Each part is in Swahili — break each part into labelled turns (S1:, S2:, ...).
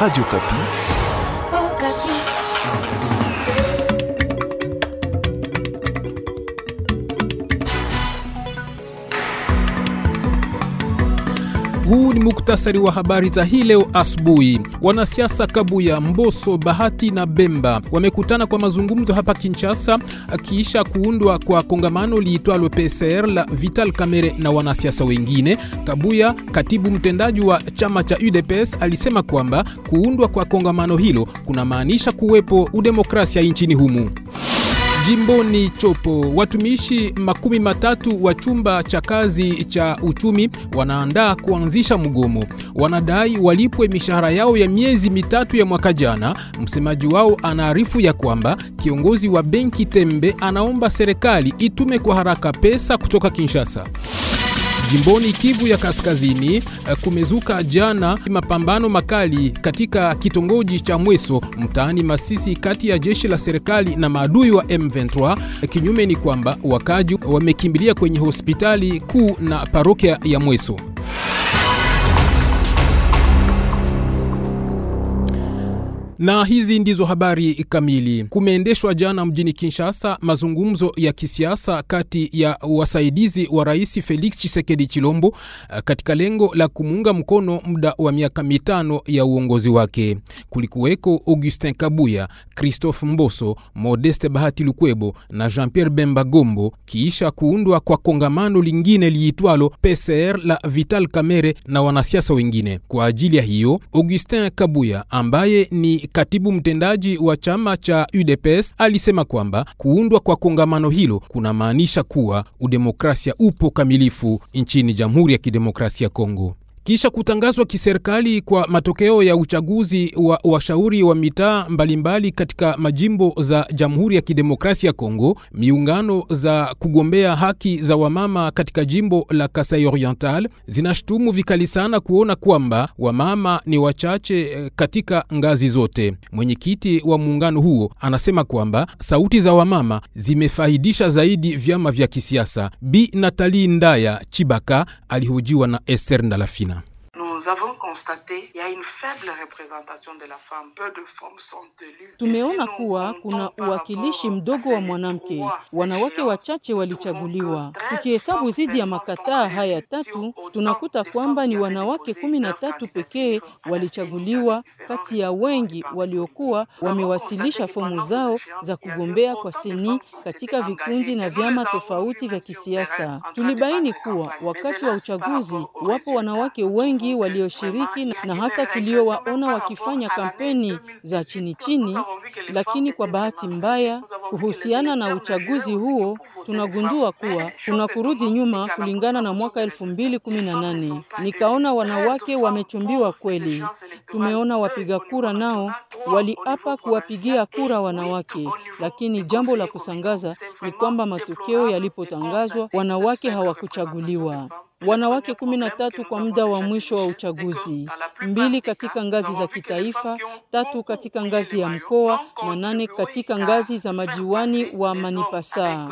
S1: Radio Okapi. ni muktasari wa habari za hii leo asubuhi. Wanasiasa Kabuya, Mboso, Bahati na Bemba wamekutana kwa mazungumzo hapa Kinshasa akiisha kuundwa kwa kongamano liitwalo PCR la Vital Kamerhe na wanasiasa wengine. Kabuya, katibu mtendaji wa chama cha UDPS, alisema kwamba kuundwa kwa kongamano hilo kunamaanisha kuwepo udemokrasia nchini humu. Jimboni Chopo, watumishi makumi matatu wa chumba cha kazi cha uchumi wanaandaa kuanzisha mgomo. Wanadai walipwe mishahara yao ya miezi mitatu ya mwaka jana. Msemaji wao anaarifu ya kwamba kiongozi wa benki Tembe anaomba serikali itume kwa haraka pesa kutoka Kinshasa. Jimboni Kivu ya Kaskazini eh, kumezuka jana mapambano makali katika kitongoji cha Mweso mtaani Masisi kati ya jeshi la serikali na maadui wa M23. Eh, kinyume ni kwamba wakaji wamekimbilia kwenye hospitali kuu na parokia ya Mweso. Na hizi ndizo habari kamili. Kumeendeshwa jana mjini Kinshasa mazungumzo ya kisiasa kati ya wasaidizi wa rais Felix Tshisekedi Chilombo eh, katika lengo la kumuunga mkono muda wa miaka mitano ya uongozi wake. Kulikuweko Augustin Kabuya, Christophe Mboso, Modeste Bahati Lukwebo na Jean-Pierre Bemba Gombo kiisha kuundwa kwa kongamano lingine liitwalo PCR la Vital Kamerhe na wanasiasa wengine. Kwa ajili ya hiyo, Augustin Kabuya ambaye ni katibu mtendaji wa chama cha UDPS alisema kwamba kuundwa kwa kongamano hilo kunamaanisha kuwa udemokrasia upo kamilifu nchini Jamhuri ya Kidemokrasia ya Kongo. Kisha kutangazwa kiserikali kwa matokeo ya uchaguzi wa washauri wa, mitaa mbalimbali katika majimbo za Jamhuri ya Kidemokrasia ya Kongo, miungano za kugombea haki za wamama katika jimbo la Kasai Oriental zinashutumu vikali sana kuona kwamba wamama ni wachache eh, katika ngazi zote. Mwenyekiti wa muungano huo anasema kwamba sauti za wamama zimefaidisha zaidi vyama vya kisiasa. Bi Natali Ndaya Chibaka alihojiwa na Esther Ndalafina
S2: nous avons constaté a une faible représentation de la femme. Peu de femmes sont élues. Tumeona kuwa kuna uwakilishi mdogo wa mwanamke, wanawake wachache walichaguliwa. Tukihesabu zidi ya makataa haya tatu, tunakuta kwamba ni wanawake kumi na tatu pekee walichaguliwa kati ya wengi waliokuwa wamewasilisha fomu zao za kugombea kwa seni katika vikundi na vyama tofauti vya kisiasa. Tulibaini kuwa wakati wa uchaguzi wapo wanawake wengi wali walioshiriki na hata tuliowaona wakifanya kampeni za chini chini, lakini kwa bahati mbaya kuhusiana na uchaguzi huo tunagundua kuwa kuna kurudi nyuma kulingana na mwaka 2018. Nikaona wanawake wamechumbiwa kweli. Tumeona wapiga kura nao waliapa kuwapigia kura wanawake, lakini jambo la kusangaza ni kwamba matokeo yalipotangazwa wanawake hawakuchaguliwa wanawake kumi na tatu kwa muda wa mwisho wa uchaguzi, mbili katika ngazi za kitaifa, tatu katika ngazi ya mkoa na nane katika ngazi za majiwani wa manipasa.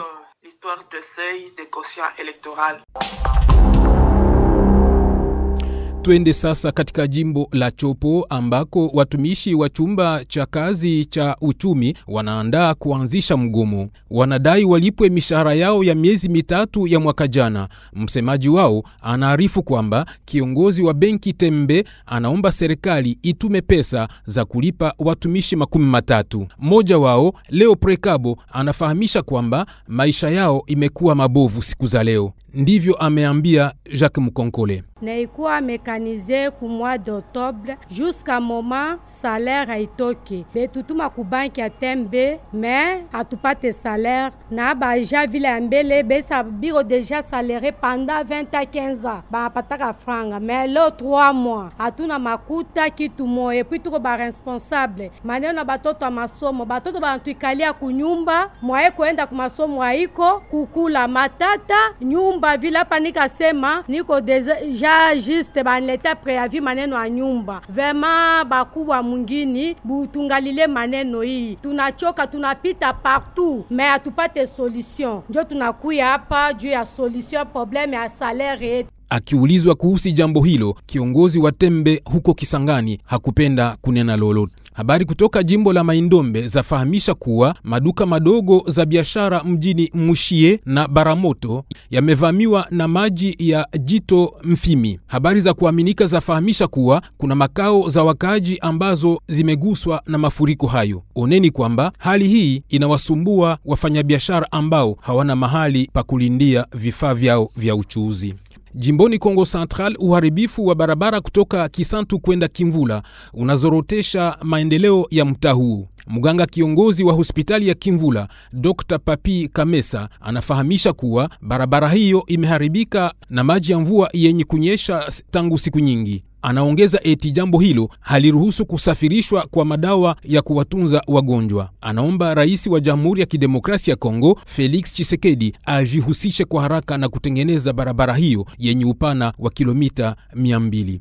S1: Twende sasa katika jimbo la Chopo ambako watumishi wa chumba cha kazi cha uchumi wanaandaa kuanzisha mgomo. Wanadai walipwe mishahara yao ya miezi mitatu ya mwaka jana. Msemaji wao anaarifu kwamba kiongozi wa benki Tembe anaomba serikali itume pesa za kulipa watumishi makumi matatu. Mmoja wao leo Prekabo anafahamisha kwamba maisha yao imekuwa mabovu siku za leo. Ndivyo ameambia Jacques Mkonkole.
S2: Naikuwa mekanize ku mois d'octobre jusqu'à moment salaire haitoke, betutuma ku banki ya tembe me hatupate salaire na baja vile ya mbele besa biko deja salere pendant 20 a 15 ans bapataka franga me leo 3 mois hatuna makuta kitu moye pwi tuko baresponsable maneno na batoto ya masomo batoto banatuikalia kunyumba mwaye kuenda ku masomo haiko kukula matata nyumba kwa vile hapa nikasema niko deja juste banileta preavi maneno ya nyumba vema, bakubwa mwingini butungalile maneno hii, tunachoka tunapita partout me atupate solution, njo tunakuya hapa juu ya solution probleme ya salaire yetu.
S1: Akiulizwa kuhusu jambo hilo, kiongozi wa tembe huko Kisangani hakupenda kunena lolote. Habari kutoka jimbo la Maindombe zafahamisha kuwa maduka madogo za biashara mjini Mushie na Baramoto yamevamiwa na maji ya jito Mfimi. Habari za kuaminika zafahamisha kuwa kuna makao za wakaaji ambazo zimeguswa na mafuriko hayo. Oneni kwamba hali hii inawasumbua wafanyabiashara ambao hawana mahali pa kulindia vifaa vyao vya uchuuzi. Jimboni Kongo Central, uharibifu wa barabara kutoka Kisantu kwenda Kimvula unazorotesha maendeleo ya mtaa huu. Mganga kiongozi wa hospitali ya Kimvula, Dr Papi Kamesa, anafahamisha kuwa barabara hiyo imeharibika na maji ya mvua yenye kunyesha tangu siku nyingi. Anaongeza eti jambo hilo haliruhusu kusafirishwa kwa madawa ya kuwatunza wagonjwa. Anaomba rais wa Jamhuri ya Kidemokrasia ya Kongo Felix Tshisekedi ajihusishe kwa haraka na kutengeneza barabara hiyo yenye upana wa kilomita 200.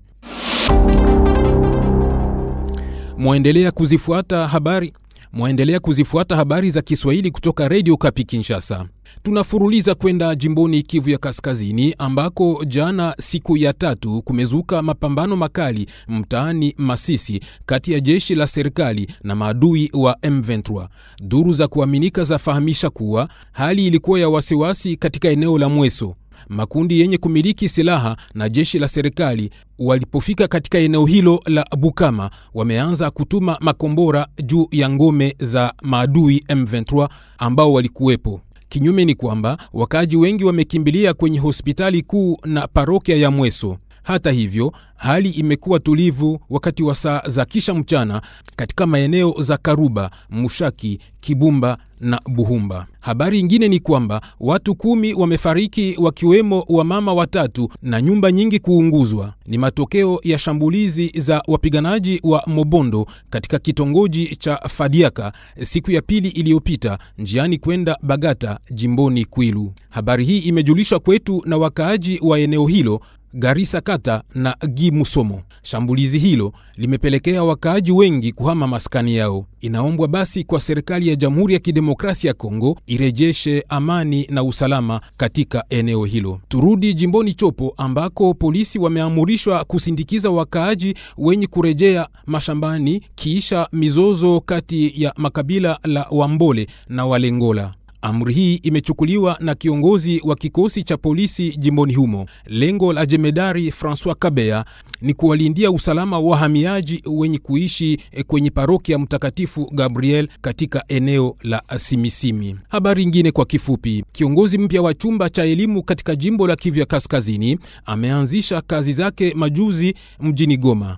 S1: Mwaendelea kuzifuata habari mwaendelea kuzifuata habari za Kiswahili kutoka Redio Kapi Kinshasa. Tunafuruliza kwenda jimboni Kivu ya Kaskazini, ambako jana siku ya tatu kumezuka mapambano makali mtaani Masisi kati ya jeshi la serikali na maadui wa M23. Duru za kuaminika zafahamisha kuwa hali ilikuwa ya wasiwasi katika eneo la Mweso makundi yenye kumiliki silaha na jeshi la serikali walipofika katika eneo hilo la Bukama, wameanza kutuma makombora juu ya ngome za maadui M23 ambao walikuwepo. Kinyume ni kwamba wakaji wengi wamekimbilia kwenye hospitali kuu na parokia ya Mweso. Hata hivyo Hali imekuwa tulivu wakati wa saa za kisha mchana katika maeneo za Karuba, Mushaki, Kibumba na Buhumba. Habari ingine ni kwamba watu kumi wamefariki wakiwemo wamama watatu na nyumba nyingi kuunguzwa. Ni matokeo ya shambulizi za wapiganaji wa Mobondo katika kitongoji cha Fadiaka siku ya pili iliyopita, njiani kwenda Bagata, jimboni Kwilu. Habari hii imejulishwa kwetu na wakaaji wa eneo hilo Garisa Kata na Gimusomo. Shambulizi hilo limepelekea wakaaji wengi kuhama maskani yao. Inaombwa basi kwa serikali ya Jamhuri ya Kidemokrasia ya Kongo irejeshe amani na usalama katika eneo hilo. Turudi jimboni Chopo ambako polisi wameamurishwa kusindikiza wakaaji wenye kurejea mashambani kiisha mizozo kati ya makabila la Wambole na Walengola. Amri hii imechukuliwa na kiongozi wa kikosi cha polisi jimboni humo. Lengo la jemedari Francois Kabea ni kuwalindia usalama wa wahamiaji wenye kuishi eh, kwenye parokia Mtakatifu Gabriel katika eneo la Simisimi. Habari ingine kwa kifupi, kiongozi mpya wa chumba cha elimu katika jimbo la Kivu ya Kaskazini ameanzisha kazi zake majuzi mjini Goma.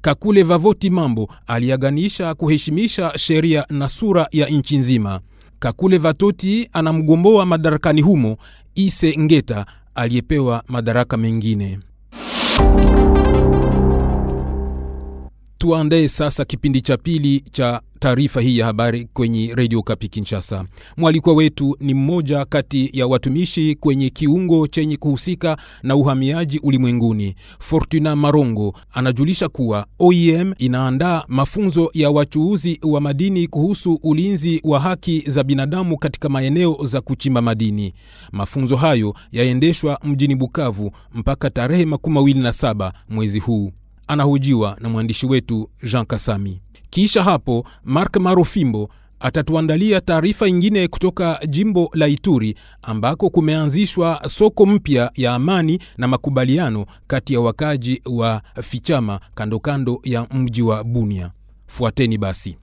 S1: Kakule Vavoti Mambo aliaganisha kuheshimisha sheria na sura ya nchi nzima. Kakule Vatoti anamgomboa madarakani humo Ise Ngeta aliyepewa madaraka mengine. Tuandae sasa kipindi cha pili cha taarifa hii ya habari kwenye redio Kapi Kinshasa. Mwalikwa wetu ni mmoja kati ya watumishi kwenye kiungo chenye kuhusika na uhamiaji ulimwenguni. Fortuna Marongo anajulisha kuwa OIM e inaandaa mafunzo ya wachuuzi wa madini kuhusu ulinzi wa haki za binadamu katika maeneo za kuchimba madini. Mafunzo hayo yaendeshwa mjini Bukavu mpaka tarehe 27 mwezi huu. Anahojiwa na mwandishi wetu Jean Kasami. Kisha hapo Mark Marofimbo atatuandalia taarifa ingine kutoka jimbo la Ituri ambako kumeanzishwa soko mpya ya amani na makubaliano kati ya wakaji wa Fichama kando kando ya mji wa Bunia. Fuateni basi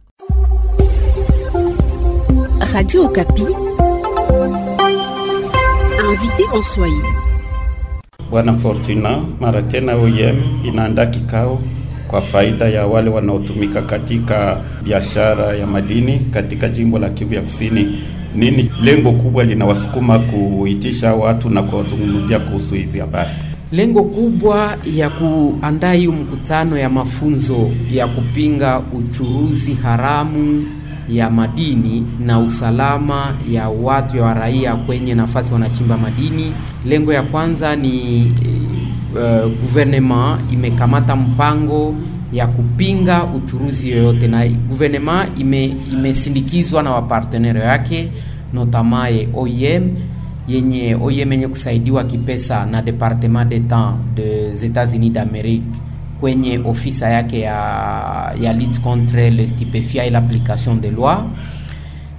S1: Bwana Fortuna mara tena oyem inaandaa kikao kwa faida ya wale wanaotumika katika biashara ya madini katika jimbo la Kivu ya Kusini. Nini lengo kubwa linawasukuma kuitisha watu na kuwazungumzia kuhusu hizi habari?
S3: Lengo kubwa ya kuandaa hiyo mkutano ya mafunzo ya kupinga uchuruzi haramu ya madini na usalama ya watu ya raia kwenye nafasi wanachimba madini. Lengo ya kwanza ni uh, gouvernement imekamata mpango ya kupinga uchuruzi yoyote, na gouvernement ime, imesindikizwa na wapartenere yake notamaye OIM yenye OIM yenye kusaidiwa kipesa na Departement d'Etat des Etats-Unis d'Amerique kwenye ofisa yake ya, ya lutte contre le stupefia et l'application des lois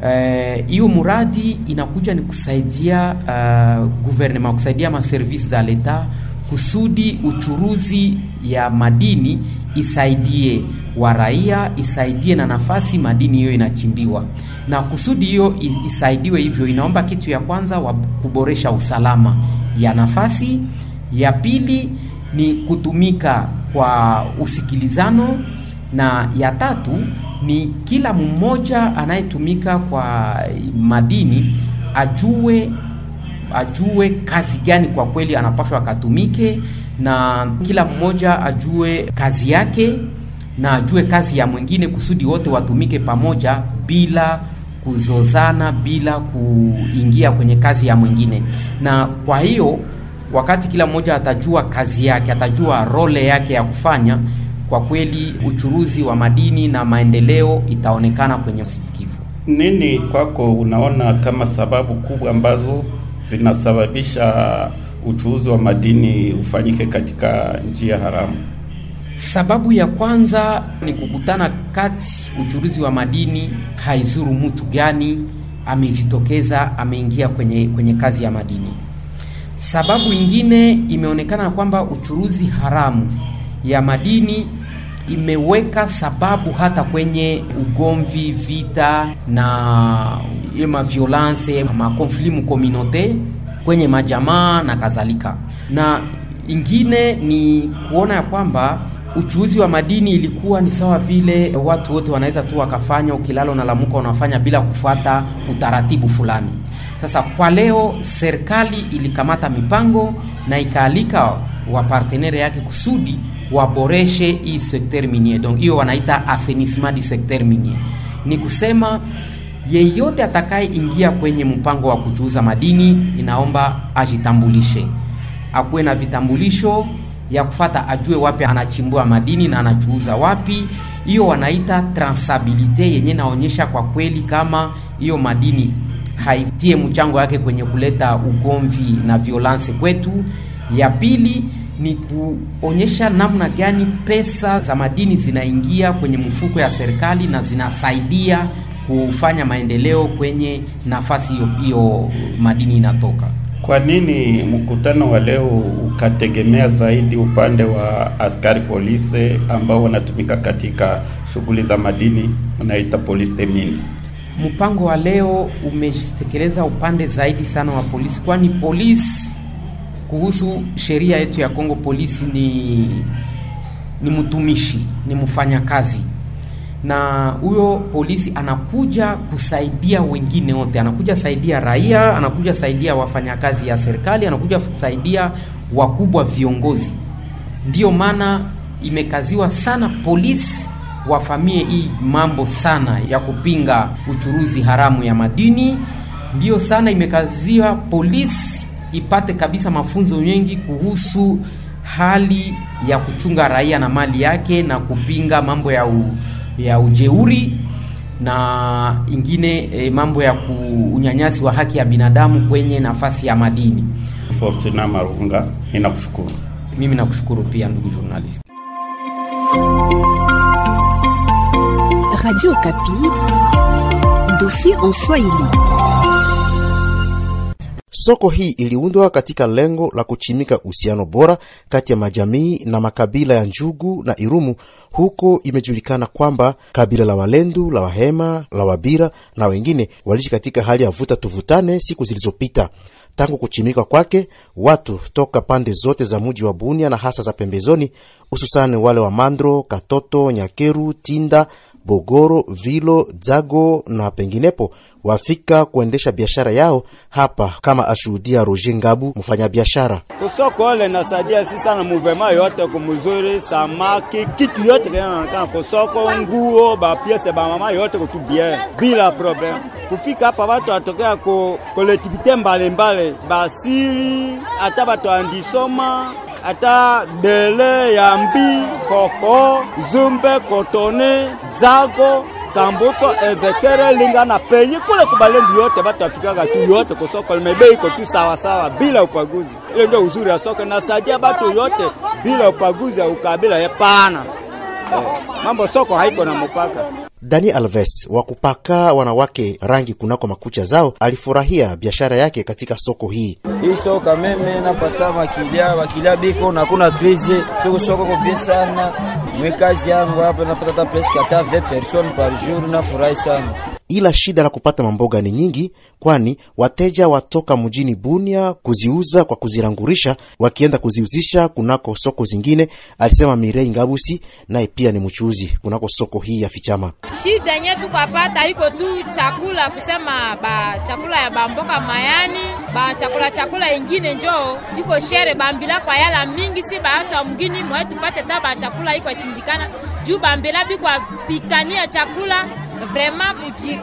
S3: eh, hiyo muradi inakuja ni kusaidia uh, gouvernement kusaidia maservice za leta kusudi uchuruzi ya madini isaidie waraia, isaidie na nafasi madini hiyo inachimbiwa, na kusudi hiyo isaidiwe hivyo, inaomba kitu ya kwanza wa kuboresha usalama ya nafasi, ya pili ni kutumika kwa usikilizano, na ya tatu ni kila mmoja anayetumika kwa madini ajue ajue kazi gani kwa kweli anapashwa akatumike, na kila mmoja ajue kazi yake na ajue kazi ya mwingine, kusudi wote watumike pamoja bila kuzozana, bila kuingia kwenye kazi ya mwingine. Na kwa hiyo wakati kila mmoja atajua kazi yake, atajua role yake ya kufanya, kwa kweli uchuruzi wa madini na maendeleo itaonekana kwenye usikivu. Nini kwako
S1: unaona kama sababu kubwa ambazo zinasababisha uchuuzi wa madini ufanyike katika njia haramu.
S3: Sababu ya kwanza ni kukutana kati uchuruzi wa madini haizuru mtu gani amejitokeza ameingia kwenye, kwenye kazi ya madini. Sababu ingine imeonekana kwamba uchuruzi haramu ya madini imeweka sababu hata kwenye ugomvi, vita na ile maviolanse makonfli communauté kwenye majamaa na kadhalika. Na ingine ni kuona ya kwamba uchuuzi wa madini ilikuwa ni sawa vile watu wote wanaweza tu wakafanya ukilalo na lamuka wanafanya bila kufuata utaratibu fulani. Sasa kwa leo serikali ilikamata mipango na ikaalika wa partenaire yake kusudi waboreshe hii secteur minier. Donc hiyo wanaita assainissement du secteur minier, ni kusema yeyote atakayeingia kwenye mpango wa kuchuuza madini inaomba ajitambulishe, akuwe na vitambulisho ya kufata, ajue wapi anachimbua madini na anachuuza wapi. Hiyo wanaita transabilite yenye naonyesha kwa kweli kama hiyo madini haitie mchango yake kwenye kuleta ugomvi na violence kwetu. Ya pili ni kuonyesha namna gani pesa za madini zinaingia kwenye mfuko ya serikali na zinasaidia kufanya maendeleo kwenye nafasi hiyo hiyo madini inatoka.
S1: Kwa nini mkutano wa leo ukategemea zaidi upande wa askari polisi ambao wanatumika katika shughuli za madini unaita polisi temini?
S3: Mpango wa leo umetekeleza upande zaidi sana wa polisi, kwani polisi kuhusu sheria yetu ya Kongo, polisi ni ni mtumishi, ni mfanyakazi, na huyo polisi anakuja kusaidia wengine wote, anakuja saidia raia, anakuja saidia wafanyakazi ya serikali, anakuja kusaidia wakubwa viongozi. Ndiyo maana imekaziwa sana polisi wafamie hii mambo sana ya kupinga uchuruzi haramu ya madini, ndiyo sana imekaziwa polisi ipate kabisa mafunzo mengi kuhusu hali ya kuchunga raia na mali yake na kupinga mambo ya, u, ya ujeuri na ingine e, mambo ya kunyanyasi wa haki ya binadamu kwenye nafasi ya madini. Fortuna Marunga, ninakushukuru. Mimi nakushukuru pia ndugu journalist.
S2: Radio Kapi, dossier en Swahili.
S4: Soko hii iliundwa katika lengo la kuchimika uhusiano bora kati ya majamii na makabila ya Njugu na Irumu. Huko imejulikana kwamba kabila la Walendu, la Wahema, la Wabira na wengine waliishi katika hali ya vuta tuvutane siku zilizopita. Tangu kuchimika kwake, watu toka pande zote za muji wa Bunia na hasa za pembezoni, hususani wale wa Mandro, Katoto, Nyakeru, Tinda Bogoro, Vilo, dzago na penginepo wafika kuendesha biashara yao hapa, kama ashuhudia roje Ngabu, mfanyabiashara
S3: kusoko ole. Nasaidia si sana muvema yote kumuzuri, samaki, kitu yote kinaonekana kusoko, nguo, bapiese, bamama yote kutubie bila problem. Kufika hapa watu watokea ko kolektivite mbalimbali, basili hata batu andisoma hata dele yambi koko zumbe kotone Zago Kambuto Ezekere Lingana penyi kule kubalendi yote batu afikaka tu yote kusoko limebe iko tu sawasawa bila upaguzi. Ile ndio uzuri ya soko nasajia batu yote bila upaguzi ya ukabila hapana. Eh, mambo soko haiko na mpaka.
S4: Dani Alves wa kupaka wanawake rangi kunako makucha zao alifurahia biashara yake katika soko hii.
S3: Hii soko meme napata makilia makilia biko na kuna krizi tuko soko kubwa sana. Mwekazi yangu hapa napata ta presque kata ve person par jour na furahi sana.
S4: Ila shida la kupata mamboga ni nyingi, kwani wateja watoka mjini Bunia kuziuza kwa kuzirangurisha, wakienda kuziuzisha kunako soko zingine, alisema Mirei Ngabusi, naye pia ni mchuuzi kunako soko hii ya Fichama
S2: shida yenye tukapata iko tu chakula, kusema ba chakula ya bamboka mayani ba chakula chakula ingine njo iko shere bambila kwa yala mingi, si baatu ya mgini mwae tupate ta ba chakula iko chindikana juu bambila bikwa pikania chakula vraiment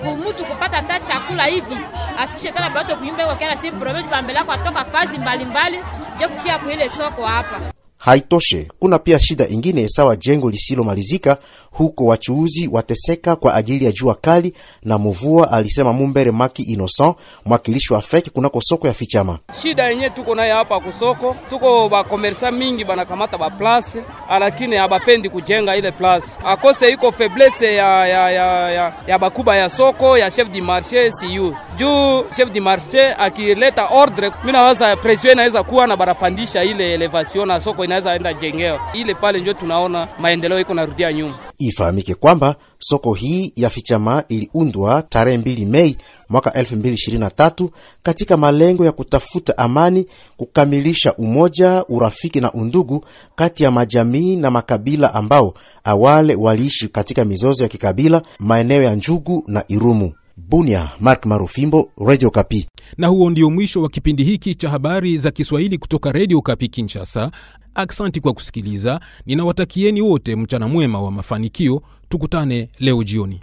S2: kumutu kupata ta chakula hivi afikishe tana bato kuyumba kwa kila si probleme bambila kwa toka fazi mbalimbali mbali, je kukia kuile soko hapa
S4: Haitoshe, kuna pia shida ingine sawa jengo lisilomalizika huko, wachuuzi wateseka kwa ajili ya jua kali na mvua, alisema Mumbere Maki Innocent, mwakilishi wa feki kunako soko ya Fichama.
S3: Shida yenye tuko naye hapa kusoko, tuko bakomersa mingi banakamata baplase, lakini abapendi kujenga ile plase, akose iko feblese ya, ya, ya, ya, ya bakuba ya soko ya chef du marche siyu juu chef du marche akileta ordre, minawaza presio inaweza kuwa na barapandisha ile elevation na soko inaweza enda jengeo ile pale, njo tunaona maendeleo iko narudia nyuma.
S4: Ifahamike kwamba soko hii ya Fichama iliundwa tarehe 2 Mei mwaka 2023 katika malengo ya kutafuta amani, kukamilisha umoja, urafiki na undugu kati ya majamii na makabila ambao awale waliishi katika mizozo ya kikabila maeneo ya Njugu na Irumu. Bunia, Mark
S1: Marufimbo,
S4: Radio Kapi.
S1: Na huo ndio mwisho wa kipindi hiki cha habari za Kiswahili kutoka Radio Kapi Kinshasa. Aksanti kwa kusikiliza, ninawatakieni wote mchana mwema wa mafanikio. Tukutane leo jioni.